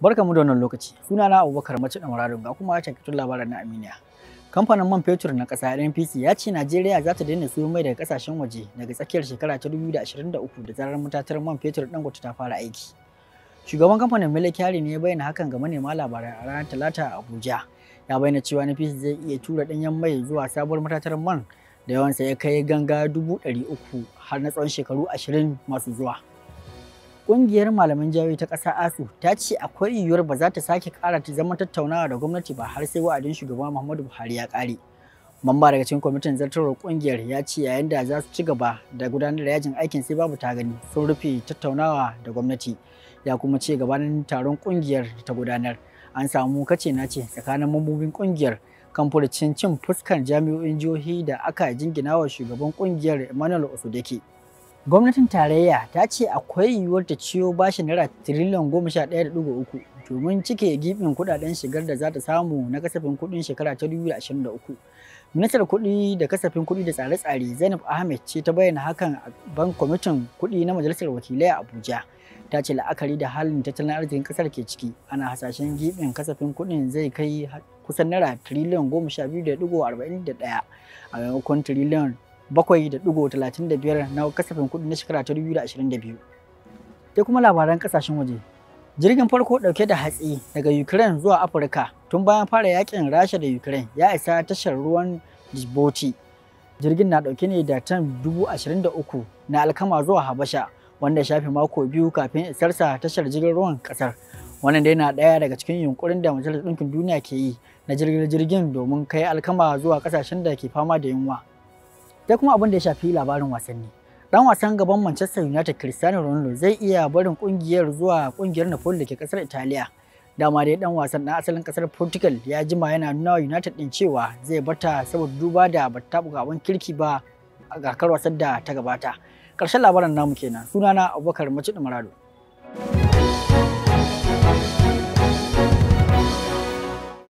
Barka mu da wannan lokaci. Sunana Abubakar Mace da Murarin ga kuma takaitun labaran na Aminiya. Kamfanin man fetur na ƙasa NPC ya ce Najeriya za ta daina siyo mai daga ƙasashen waje daga tsakiyar shekara ta 2023 da zarar matatar man fetur Dangote ta fara aiki. Shugaban kamfanin Melekari ne ya bayyana hakan ga manema labarai a ranar Talata a Abuja. Ya bayyana cewa NPC zai iya tura ɗanyen mai zuwa sabuwar matatar man da yawansa ya kai ganga dubu ɗari uku har na tsawon shekaru 20 masu zuwa. Ƙungiyar malaman jawi ta ƙasa ASU ta ce akwai yiwuwar ba za ta sake ƙara ta zama tattaunawa da gwamnati ba har sai wa'adin shugaba Muhammadu Buhari ya ƙare. Mamba daga cikin kwamitin zartarwar ƙungiyar ya ce yayin da za su ci gaba da gudanar da yajin aikin sai babu ta gani sun rufe tattaunawa da gwamnati. Ya kuma ce gabanin taron ƙungiyar da ta gudanar an samu kace na ce tsakanin mambobin ƙungiyar kan cin fuskar jami'o'in jihohi da aka jinginawa shugaban ƙungiyar Emmanuel Osodeke. Gwamnatin tarayya ta ce akwai yiwuwar ta ciyo bashi naira tiriliyan goma sha ɗaya da ɗigo uku domin cike gibin kuɗaɗen shigar da za ta samu na kasafin kuɗin shekara ta dubu ashirin da uku. Ministar kuɗi da kasafin kuɗi da tsare-tsare Zainab Ahmed ce ta bayyana hakan a ban kwamitin kuɗi na Majalisar Wakilai a Abuja. Ta ce la'akari da halin tattalin arzikin ƙasar ke ciki ana hasashen gibin kasafin kuɗin zai kai kusan naira tiriliyan goma sha biyu da ɗigo arba'in da ɗaya a maimakon tiriliyan 7.35 na kasafin kuɗi na shekara ta 2022. Sai kuma labaran kasashen waje. Jirgin farko ɗauke da hatsi daga Ukraine zuwa Afirka tun bayan fara yakin Rasha da Ukraine ya isa tashar ruwan Djibouti. Jirgin na ɗauke ne da tan 23,000 na alkama zuwa Habasha wanda shafi mako biyu kafin isarsa tashar jirgin ruwan ƙasar. Wannan dai na ɗaya daga cikin yunkurin da Majalisar Ɗinkin Duniya ke yi na jirgin jirgin domin kai alkama zuwa kasashen da ke fama da yunwa. sai kuma abin da ya shafi labarin wasanni dan wasan gaban Manchester United Cristiano Ronaldo zai iya barin kungiyar zuwa kungiyar Napoli da ke kasar Italiya dama dai dan wasan dan asalin kasar Portugal ya jima yana nuna wa United din cewa zai bata saboda duba da ba ta buga wani kirki ba a kakar wasan da ta gabata karshen labarin namu kenan sunana Abubakar Macidu Marado